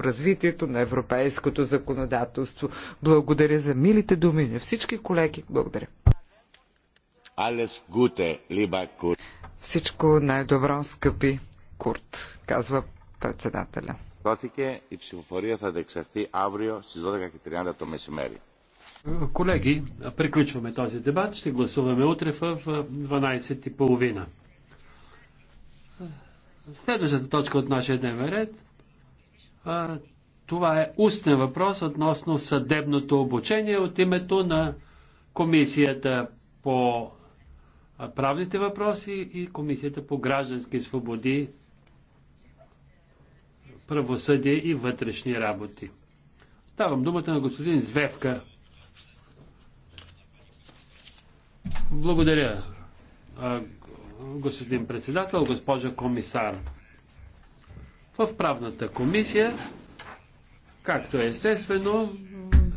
развитието на европейското законодателство. Благодаря за милите думи на всички колеги. Благодаря. Всичко най-добро, скъпи Курт, казва председателя. Колеги, приключваме този дебат. Ще гласуваме утре в 12.30. Следващата точка от нашия дневен ред а, това е устен въпрос относно съдебното обучение от името на Комисията по правните въпроси и Комисията по граждански свободи, правосъдие и вътрешни работи. Ставам думата на господин Звевка. Благодаря, господин председател, госпожа комисар в правната комисия, както е естествено,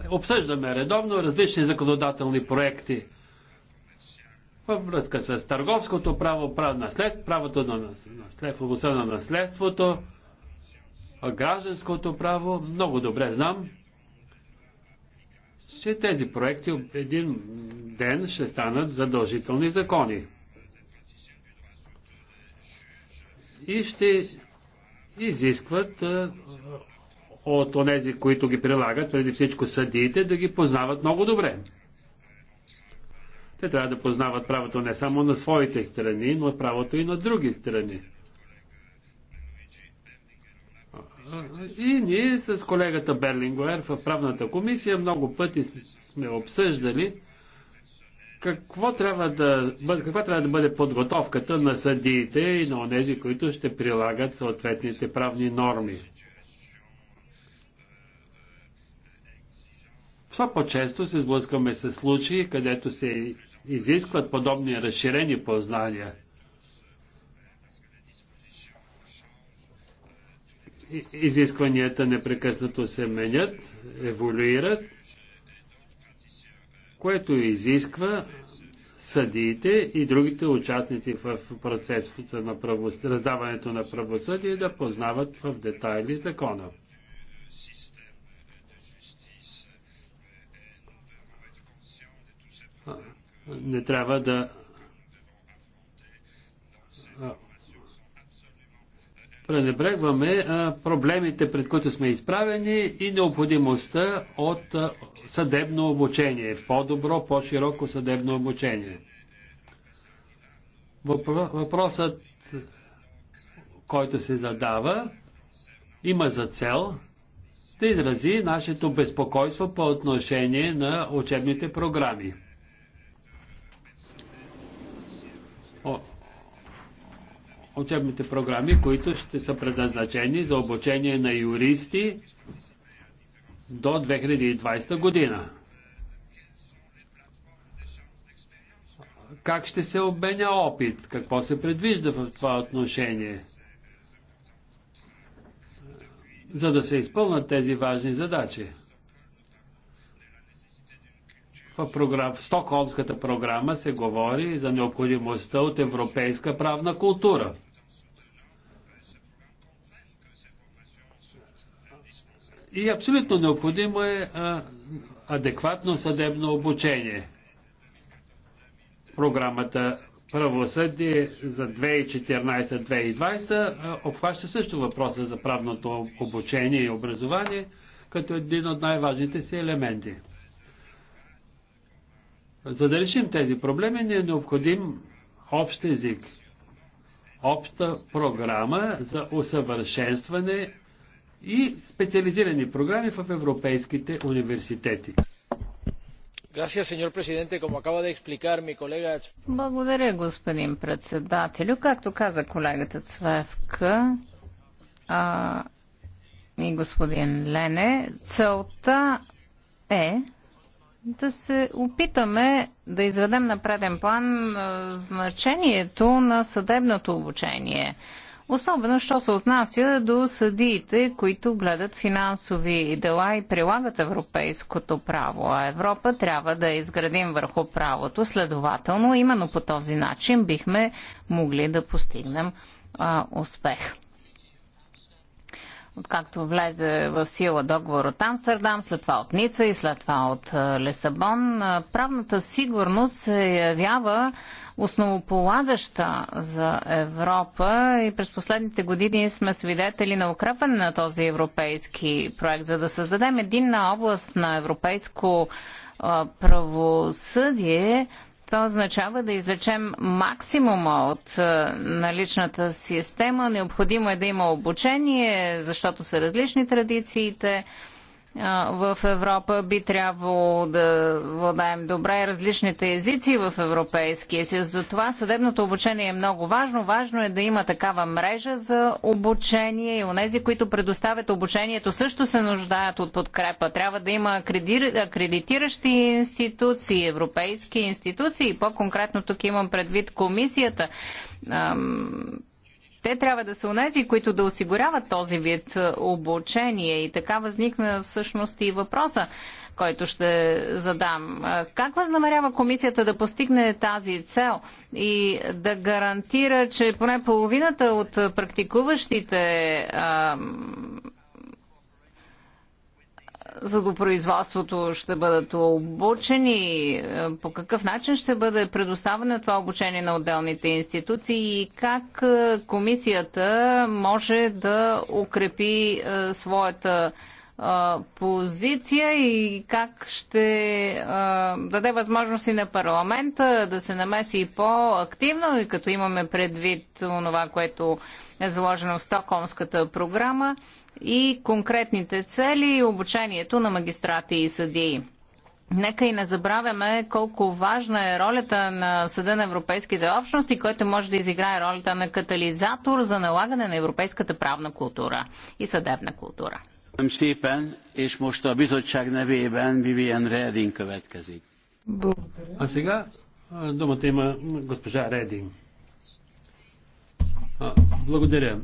обсъждаме редовно различни законодателни проекти във връзка с търговското право, право наслед, правото на наследство, на наследството, гражданското право. Много добре знам, че тези проекти един ден ще станат задължителни закони. И ще изискват от онези, които ги прилагат, преди всичко съдиите, да ги познават много добре. Те трябва да познават правото не само на своите страни, но правото и на други страни. И ние с колегата Берлингуер в правната комисия много пъти сме обсъждали какво трябва да, каква трябва да бъде подготовката на съдиите и на тези, които ще прилагат съответните правни норми? Все по-често се сблъскваме с случаи, където се изискват подобни разширени познания. Изискванията непрекъснато се менят, еволюират което изисква съдиите и другите участници в процеса на правосъ... раздаването на правосъдие да познават в детайли закона. Не трябва да пренебрегваме проблемите, пред които сме изправени и необходимостта от съдебно обучение. По-добро, по-широко съдебно обучение. Въпросът, който се задава, има за цел да изрази нашето безпокойство по отношение на учебните програми учебните програми, които ще са предназначени за обучение на юристи до 2020 година. Как ще се обменя опит? Какво се предвижда в това отношение? За да се изпълнат тези важни задачи. В, програм, в Стокхолмската програма се говори за необходимостта от европейска правна култура. И абсолютно необходимо е адекватно съдебно обучение. Програмата правосъдие за 2014-2020 обхваща също въпроса за правното обучение и образование като един от най-важните си елементи. За да решим тези проблеми, ни е необходим общ език, обща програма за усъвършенстване и специализирани програми в европейските университети. Благодаря, господин председателю. Както каза колегата Цвевка а, и господин Лене, целта е да се опитаме да изведем на преден план значението на съдебното обучение – Особено, що се отнася до съдиите, които гледат финансови дела и прилагат европейското право. А Европа трябва да изградим върху правото. Следователно, именно по този начин бихме могли да постигнем а, успех откакто влезе в сила договор от Амстердам, след това от Ница и след това от Лисабон, правната сигурност се явява основополагаща за Европа и през последните години сме свидетели на укрепване на този европейски проект, за да създадем единна област на европейско правосъдие, това означава да извлечем максимума от е, наличната система. Необходимо е да има обучение, защото са различни традициите в Европа би трябвало да владаем добре различните езици в Европейския съюз. Затова съдебното обучение е много важно. Важно е да има такава мрежа за обучение и онези, които предоставят обучението, също се нуждаят от подкрепа. Трябва да има акредитиращи институции, европейски институции и по-конкретно тук имам предвид комисията те трябва да са унези, които да осигуряват този вид е, обучение. И така възникна всъщност и въпроса, който ще задам. Е, как възнамерява комисията да постигне тази цел и да гарантира, че поне половината от практикуващите а, задопроизводството ще бъдат обучени? По какъв начин ще бъде предоставено това обучение на отделните институции и как е, комисията може да укрепи е, своята позиция и как ще а, даде възможност и на парламента да се намеси по-активно и като имаме предвид това, което е заложено в Стокхолмската програма и конкретните цели и обучението на магистрати и съдии. Нека и не забравяме колко важна е ролята на Съда на европейските общности, който може да изиграе ролята на катализатор за налагане на европейската правна култура и съдебна култура. А сега думата има госпожа Редин. Благодаря.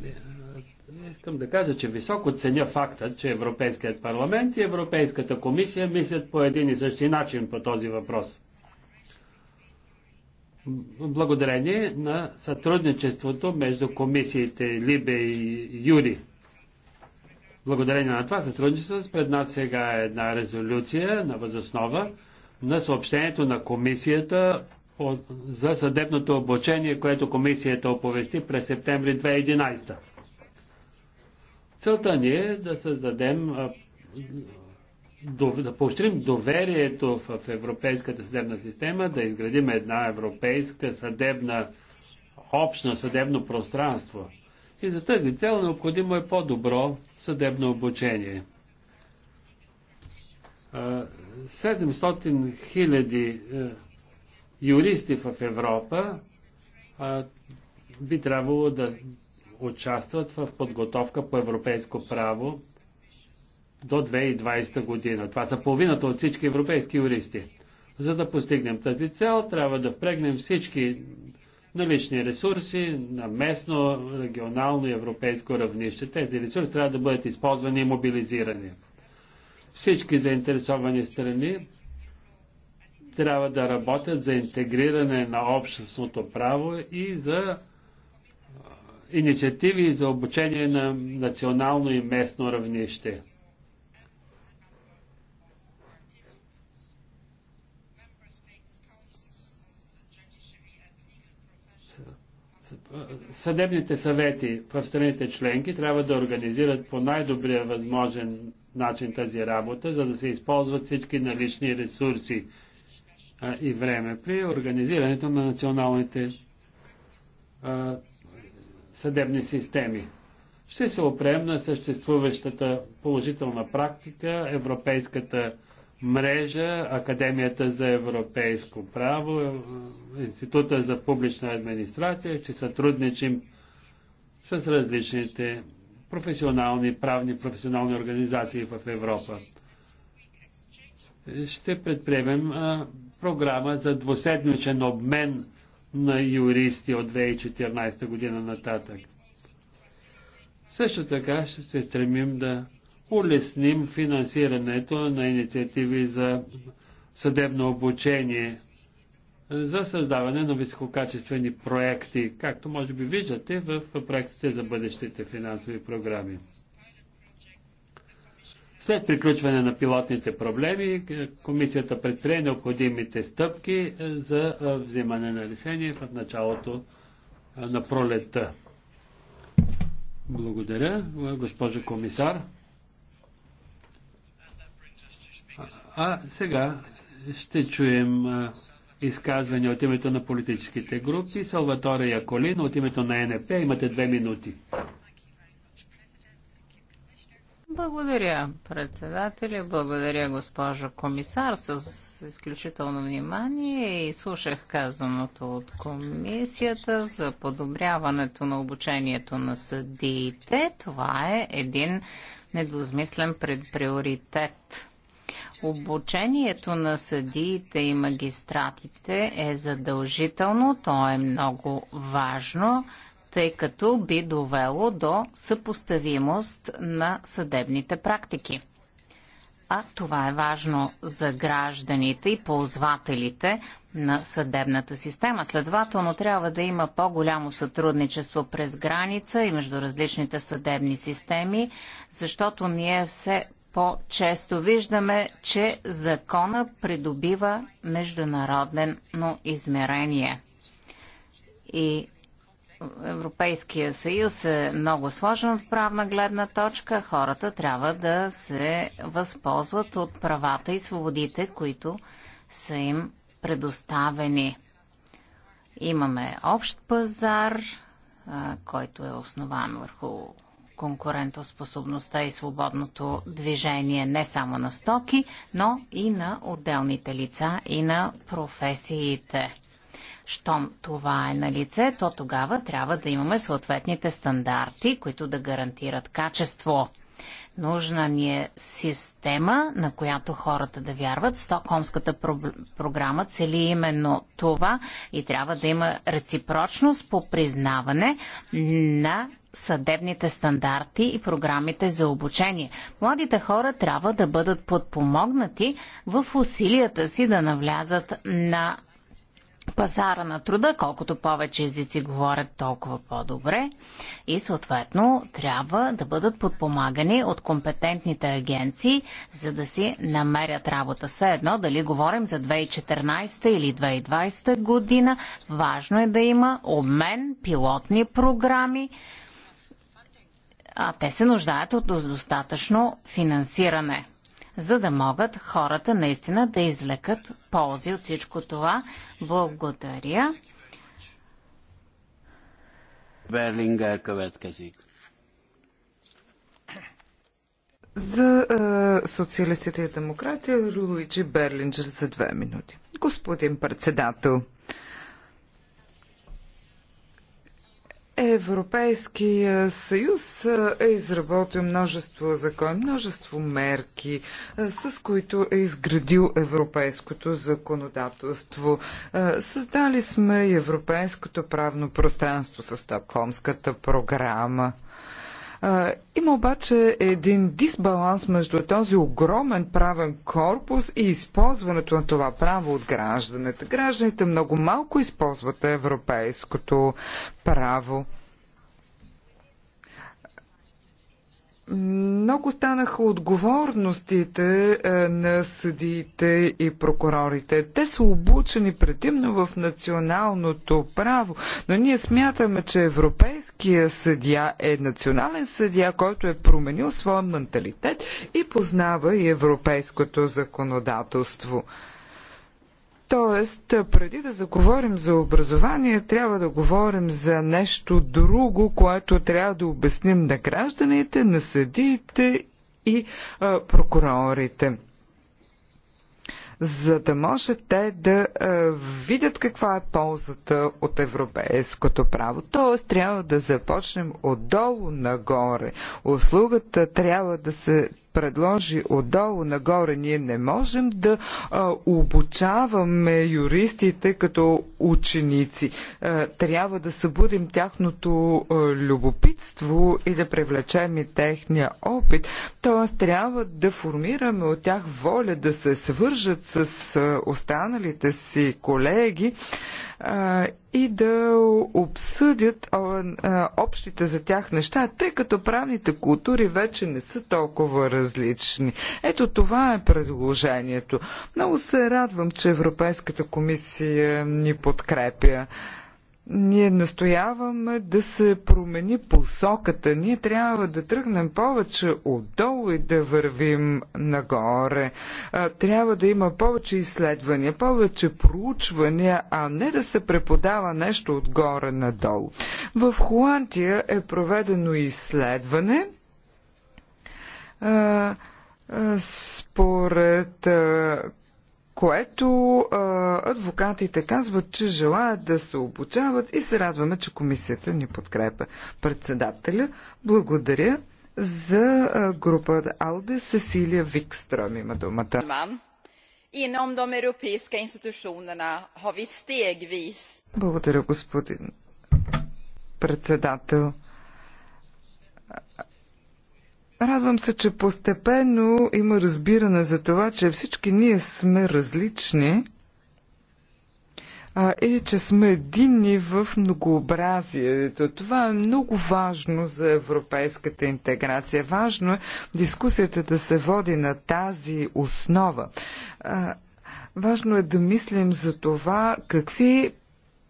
Искам да кажа, че високо ценя факта, че Европейският парламент и Европейската комисия мислят по един и същи начин по този въпрос. Благодарение на сътрудничеството между комисиите Либе и Юри. Благодарение на това сътрудничество пред нас сега е една резолюция на възоснова на съобщението на комисията за съдебното обучение, което комисията оповести през септември 2011. Целта ни е да създадем, да поощрим доверието в Европейската съдебна система, да изградим една европейска съдебна, общно съдебно пространство. И за тази цел необходимо е по-добро съдебно обучение. 700 хиляди е, юристи в Европа би трябвало да участват в подготовка по европейско право до 2020 година. Това са половината от всички европейски юристи. За да постигнем тази цел, трябва да впрегнем всички на лични ресурси на местно, регионално и европейско равнище. Тези ресурси трябва да бъдат използвани и мобилизирани. Всички заинтересовани страни трябва да работят за интегриране на общностното право и за инициативи за обучение на национално и местно равнище. съдебните съвети в страните членки трябва да организират по най-добрия възможен начин тази работа, за да се използват всички налични ресурси и време при организирането на националните съдебни системи. Ще се опрем на съществуващата положителна практика, европейската мрежа, Академията за европейско право, Института за публична администрация, ще сътрудничим с различните професионални, правни, професионални организации в Европа. Ще предприемем а, програма за двуседмичен обмен на юристи от 2014 година нататък. Също така ще се стремим да улесним финансирането на инициативи за съдебно обучение, за създаване на висококачествени проекти, както може би виждате в проектите за бъдещите финансови програми. След приключване на пилотните проблеми, комисията предприе необходимите стъпки за взимане на решение в началото на пролета. Благодаря, госпожо комисар. А сега ще чуем изказвания от името на политическите групи. Салватора Яколин от името на НП. Имате две минути. Благодаря, председателя. Благодаря, госпожо комисар. С изключително внимание и слушах казаното от комисията за подобряването на обучението на съдиите. Това е един недвусмислен предприоритет Обучението на съдиите и магистратите е задължително, то е много важно, тъй като би довело до съпоставимост на съдебните практики. А това е важно за гражданите и ползвателите на съдебната система. Следователно трябва да има по-голямо сътрудничество през граница и между различните съдебни системи, защото ние все по-често виждаме, че закона придобива международно измерение. И Европейския съюз е много сложен от правна гледна точка. Хората трябва да се възползват от правата и свободите, които са им предоставени. Имаме общ пазар, който е основан върху конкурентоспособността и свободното движение не само на стоки, но и на отделните лица и на професиите. Щом това е на лице, то тогава трябва да имаме съответните стандарти, които да гарантират качество. Нужна ни е система, на която хората да вярват. Стокхолмската про- програма цели именно това и трябва да има реципрочност по признаване на съдебните стандарти и програмите за обучение. Младите хора трябва да бъдат подпомогнати в усилията си да навлязат на пазара на труда, колкото повече езици говорят, толкова по-добре. И съответно трябва да бъдат подпомагани от компетентните агенции, за да си намерят работа. Все едно, дали говорим за 2014 или 2020 година, важно е да има обмен, пилотни програми, а, те се нуждаят от достатъчно финансиране, за да могат хората наистина да извлекат ползи от всичко това. Благодаря. Берлингер következik. За е, социалистите и демократи Луиджи Берлинджер за две минути. Господин председател, Европейския съюз е изработил множество закони, множество мерки, с които е изградил европейското законодателство. Създали сме европейското правно пространство с Токомската програма. Има обаче един дисбаланс между този огромен правен корпус и използването на това право от гражданите. Гражданите много малко използват европейското право. Много станаха отговорностите е, на съдиите и прокурорите. Те са обучени предимно в националното право, но ние смятаме, че европейския съдия е национален съдия, който е променил своя менталитет и познава и европейското законодателство. Тоест, преди да заговорим за образование, трябва да говорим за нещо друго, което трябва да обясним на гражданите, на съдиите и а, прокурорите за да може те да а, видят каква е ползата от европейското право. Тоест, трябва да започнем отдолу нагоре. Услугата трябва да се предложи отдолу нагоре. Ние не можем да а, обучаваме юристите като ученици. А, трябва да събудим тяхното а, любопитство и да привлечем и техния опит. Тоест, трябва да формираме от тях воля да се свържат с а, останалите си колеги. А, и да обсъдят общите за тях неща, тъй като правните култури вече не са толкова различни. Ето това е предложението. Много се радвам, че Европейската комисия ни подкрепя. Ние настояваме да се промени посоката. Ние трябва да тръгнем повече отдолу и да вървим нагоре. Трябва да има повече изследвания, повече проучвания, а не да се преподава нещо отгоре надолу. В Холандия е проведено изследване според което а, адвокатите казват, че желаят да се обучават и се радваме, че комисията ни подкрепя. Председателя, благодаря за групата Алде. Сесилия Викстром има думата. Благодаря, господин председател. Радвам се, че постепенно има разбиране за това, че всички ние сме различни а, и че сме единни в многообразието. Това е много важно за европейската интеграция. Важно е дискусията да се води на тази основа. А, важно е да мислим за това какви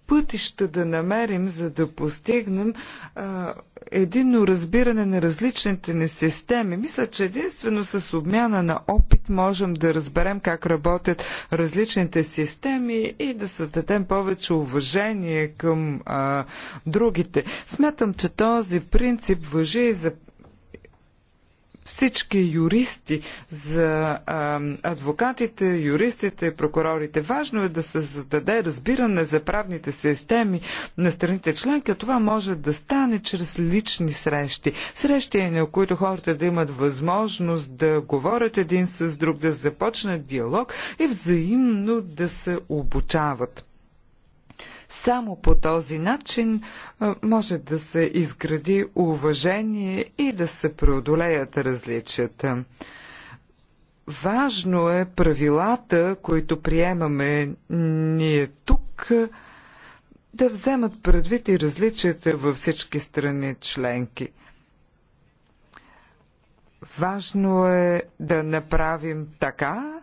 пътища да намерим, за да постигнем а, едино разбиране на различните ни системи. Мисля, че единствено с обмяна на опит можем да разберем как работят различните системи и да създадем повече уважение към а, другите. Смятам, че този принцип въжи и за всички юристи, за а, адвокатите, юристите, прокурорите. Важно е да се зададе разбиране за правните системи на страните членки. Това може да стане чрез лични срещи. Срещи, на които хората да имат възможност да говорят един с друг, да започнат диалог и взаимно да се обучават. Само по този начин може да се изгради уважение и да се преодолеят различията. Важно е правилата, които приемаме ние тук, да вземат предвид и различията във всички страни членки. Важно е да направим така,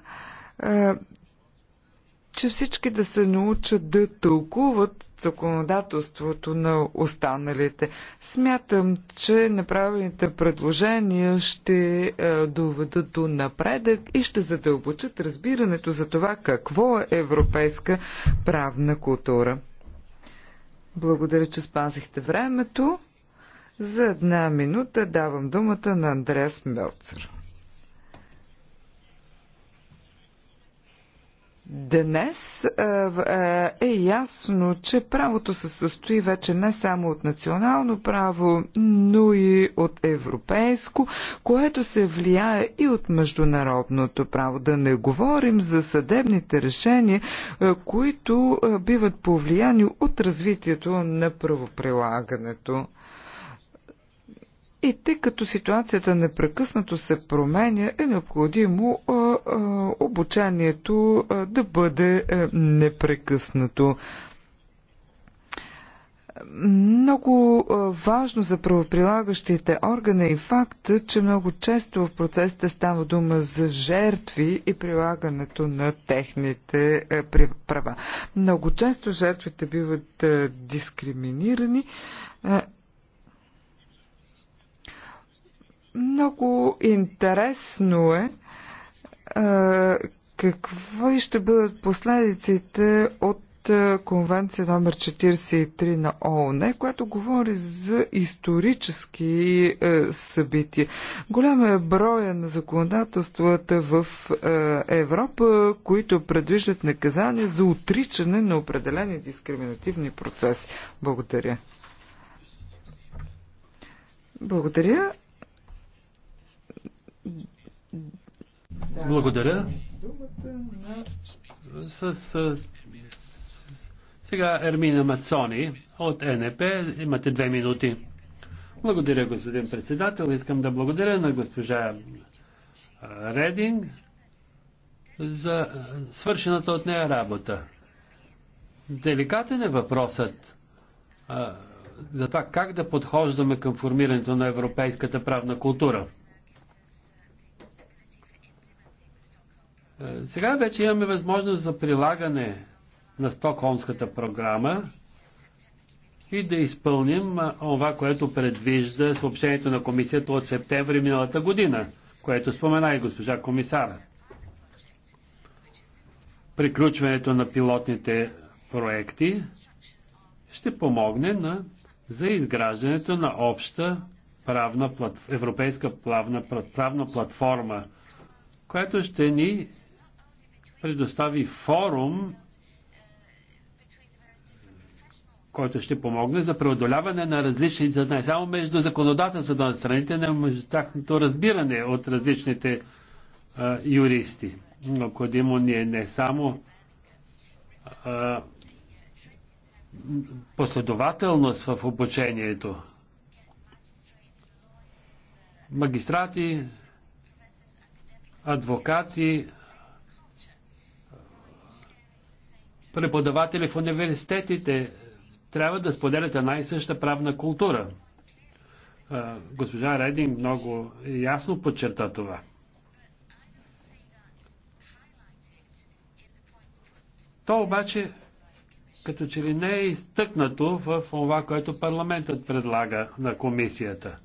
че всички да се научат да тълкуват законодателството на останалите. Смятам, че направените предложения ще е, доведат до напредък и ще задълбочат разбирането за това какво е европейска правна култура. Благодаря, че спазихте времето. За една минута давам думата на Андреас Мелцер. Днес е ясно, че правото се състои вече не само от национално право, но и от европейско, което се влияе и от международното право. Да не говорим за съдебните решения, които биват повлияни от развитието на правоприлагането. И тъй като ситуацията непрекъснато се променя, е необходимо а, а, обучението а, да бъде а, е, непрекъснато. Много важно за правоприлагащите органи е и факта, че много често в процесите става дума за жертви и прилагането на техните е, права. Много често жертвите биват дискриминирани Много интересно е какво ще бъдат последиците от Конвенция номер 43 на ООН, която говори за исторически е, събития. Голяма е броя на законодателствата в е, Европа, които предвиждат наказание за отричане на определени дискриминативни процеси. Благодаря. Благодаря. Благодаря. С, с, сега Ермина Мацони от НП. Имате две минути. Благодаря, господин председател. Искам да благодаря на госпожа Рединг за свършената от нея работа. Деликатен е въпросът а, за това как да подхождаме към формирането на европейската правна култура. Е, сега вече имаме възможност за прилагане на Стокхолмската програма и да изпълним това, което предвижда съобщението на комисията от септември миналата година, което спомена и госпожа комисара. Приключването на пилотните проекти ще помогне на, за изграждането на обща правна, европейска правна, правна платформа, която ще ни предостави форум, който ще помогне за преодоляване на различните, не само между законодателството на страните, но между тяхното разбиране от различните а, юристи. Необходимо ни е не само а, последователност в обучението. Магистрати, адвокати, преподаватели в университетите трябва да споделят една и съща правна култура. Госпожа Редин много ясно подчерта това. То обаче като че ли не е изтъкнато в това, което парламентът предлага на комисията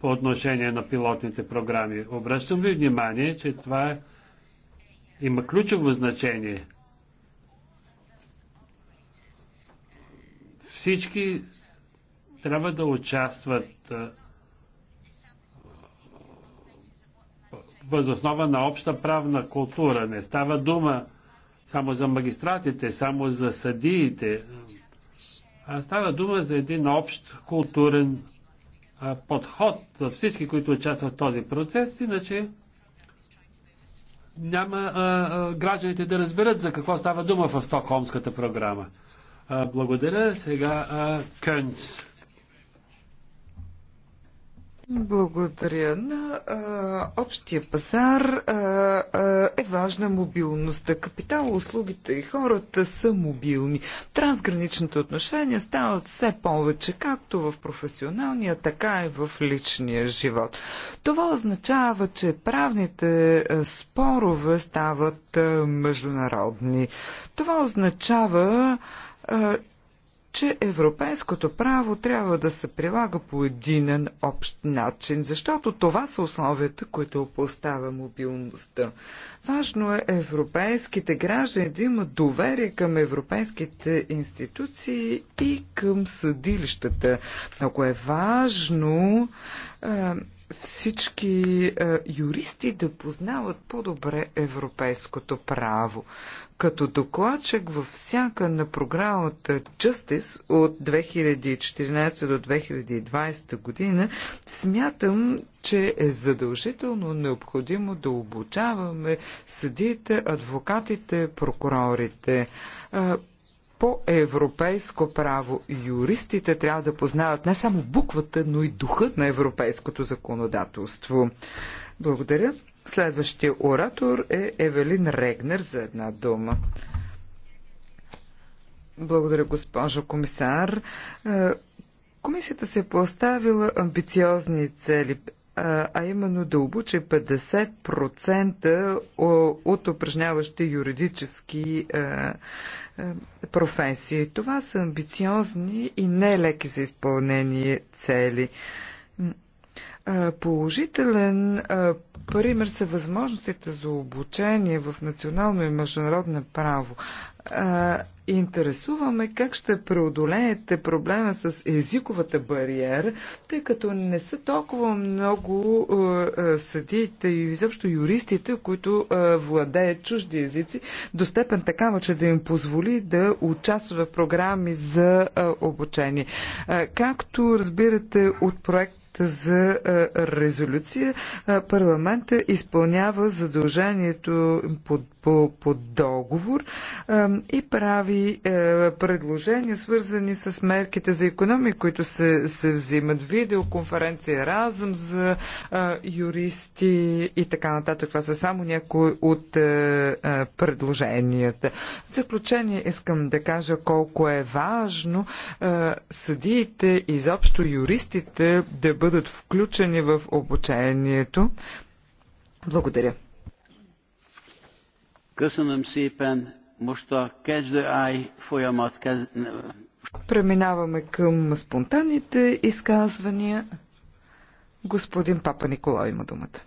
по отношение на пилотните програми. Обръщам ви внимание, че това е, има ключово значение – Всички трябва да участват възоснова на обща правна култура. Не става дума само за магистратите, само за съдиите, а става дума за един общ културен подход за всички, които участват в този процес, иначе няма а, а, гражданите да разберат за какво става дума в Стокхолмската програма. Благодаря. Сега Кънц. Благодаря. На а, общия пазар а, а, е важна мобилността. Капитал, услугите и хората са мобилни. Трансграничните отношения стават все повече, както в професионалния, така и в личния живот. Това означава, че правните спорове стават международни. Това означава, а, че европейското право трябва да се прилага по единен общ начин, защото това са условията, които поставя мобилността. Важно е европейските граждани да имат доверие към европейските институции и към съдилищата. Много е важно всички е, юристи да познават по-добре европейското право. Като докладчик във всяка на програмата Justice от 2014 до 2020 година, смятам, че е задължително необходимо да обучаваме съдиите, адвокатите, прокурорите по европейско право юристите трябва да познават не само буквата, но и духът на европейското законодателство. Благодаря. Следващия оратор е Евелин Регнер за една дума. Благодаря, госпожо комисар. Е, комисията се е поставила амбициозни цели а именно да обучи 50% от упражняващи юридически е, е, професии. Това са амбициозни и нелеки за изпълнение цели. Положителен пример са възможностите за обучение в национално и международно право. Интересуваме как ще преодолеете проблема с езиковата бариера, тъй като не са толкова много съдиите и изобщо юристите, които владеят чужди езици, до степен такава, че да им позволи да участва в програми за обучение. Както разбирате от проект проекта за резолюция парламента изпълнява задължението под по, по договор и прави е, предложения, свързани с мерките за економи, които се, се взимат. Видеоконференция разъм за юристи и така нататък. Това са само някои от е, е, предложенията. В заключение искам да кажа колко е важно съдиите и изобщо юристите да бъдат включени в обучението. Благодаря. Köszönöm szépen. Most a kezdő áj folyamat kez... Преминаваме към спонтанните изказвания. Господин Папа Николай има думата.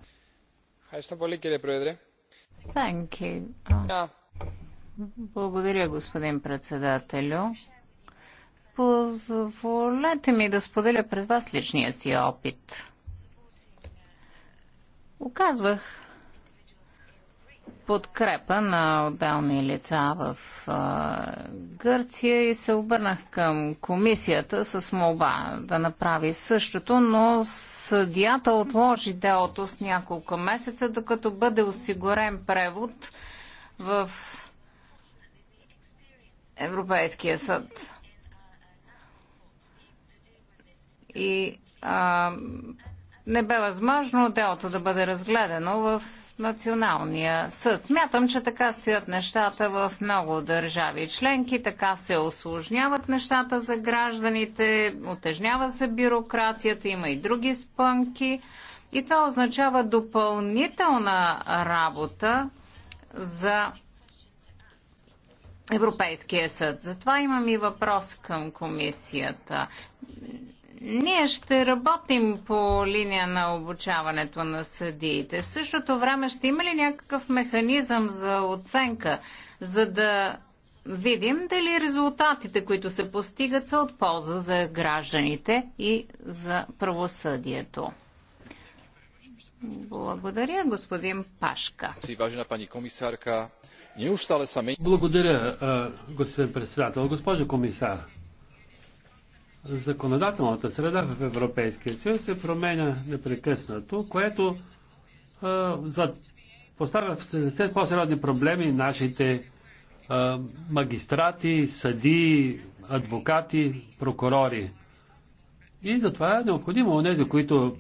Благодаря, господин председателю. Позволете ми да споделя пред вас личния си опит. Оказвах подкрепа на отделни лица в а, Гърция и се обърнах към комисията с молба да направи същото, но съдията отложи делото с няколко месеца, докато бъде осигурен превод в Европейския съд. И а, не бе възможно делото да бъде разгледано в националния съд. Смятам, че така стоят нещата в много държави членки, така се осложняват нещата за гражданите, отежнява се бюрокрацията, има и други спънки. И това означава допълнителна работа за Европейския съд. Затова имам и въпрос към комисията. Ние ще работим по линия на обучаването на съдиите. В същото време ще има ли някакъв механизъм за оценка, за да видим дали резултатите, които се постигат, са от полза за гражданите и за правосъдието? Благодаря, господин Пашка. Благодаря, господин председател. Госпожо комисар, законодателната среда в Европейския съюз се променя непрекъснато, което а, за, поставя в лице по-сериозни проблеми нашите а, магистрати, съдии, адвокати, прокурори. И затова е необходимо от нези, които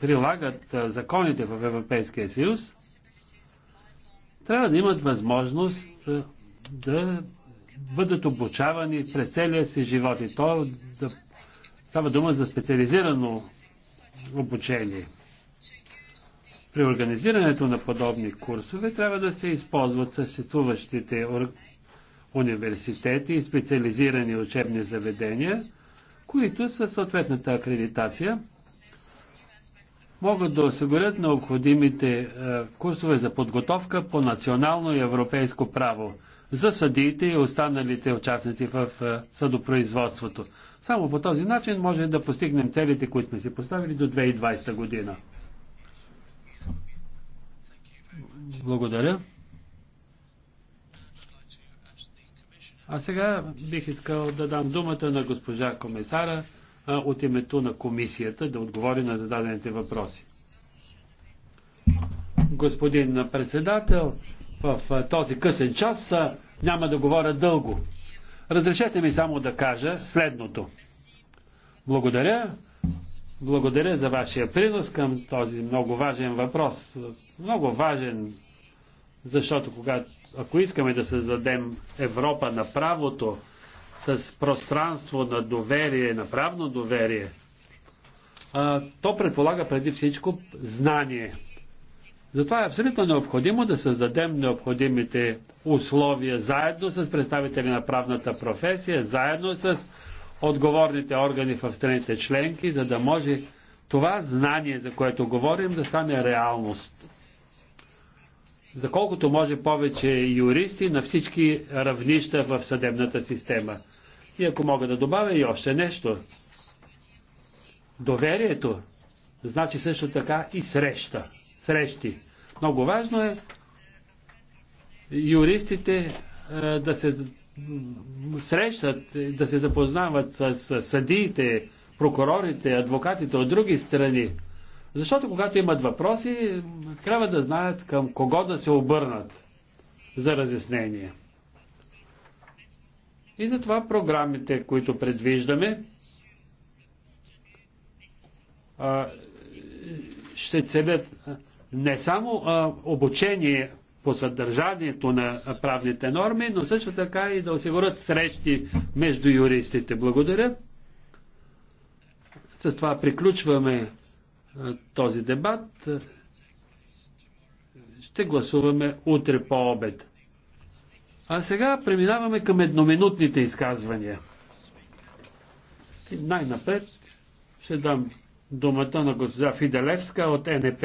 прилагат а, законите в Европейския съюз, трябва да имат възможност да бъдат обучавани през целия си живот. И то за, става дума за специализирано обучение. При организирането на подобни курсове трябва да се използват съществуващите университети и специализирани учебни заведения, които със съответната акредитация могат да осигурят необходимите е, курсове за подготовка по национално и европейско право за съдиите и останалите участници в съдопроизводството. Само по този начин може да постигнем целите, които сме си поставили до 2020 година. Благодаря. А сега бих искал да дам думата на госпожа комисара от името на комисията да отговори на зададените въпроси. Господин председател, в този късен час няма да говоря дълго. Разрешете ми само да кажа следното. Благодаря. Благодаря за вашия принос към този много важен въпрос. Много важен, защото когато, ако искаме да създадем Европа на правото, с пространство на доверие, на правно доверие, то предполага преди всичко знание. Затова е абсолютно необходимо да създадем необходимите условия заедно с представители на правната професия, заедно с отговорните органи в страните членки, за да може това знание, за което говорим, да стане реалност. За колкото може повече юристи на всички равнища в съдебната система. И ако мога да добавя и още нещо. Доверието значи също така и среща срещи. Много важно е юристите е, да се срещат, да се запознават с съдиите, прокурорите, адвокатите от други страни. Защото когато имат въпроси, трябва да знаят към кого да се обърнат за разяснение. И затова програмите, които предвиждаме, ще целят не само а, обучение по съдържанието на правните норми, но също така и да осигурят срещи между юристите. Благодаря. С това приключваме а, този дебат. Ще гласуваме утре по обед. А сега преминаваме към едноминутните изказвания. Най-напред ще дам думата на госпожа Фиделевска от НП.